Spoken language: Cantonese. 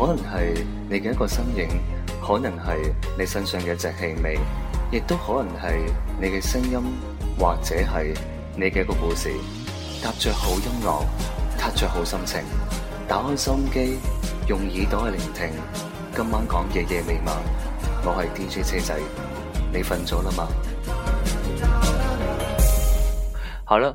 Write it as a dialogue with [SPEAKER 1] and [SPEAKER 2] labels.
[SPEAKER 1] 可能係你嘅一個身影，可能係你身上嘅一隻氣味，亦都可能係你嘅聲音，或者係你嘅一個故事。踏着好音樂，踏着好心情，打開收音機，用耳朵去聆聽。今晚講夜夜未晚，我係 DJ 車仔，你瞓咗啦嘛？好啦。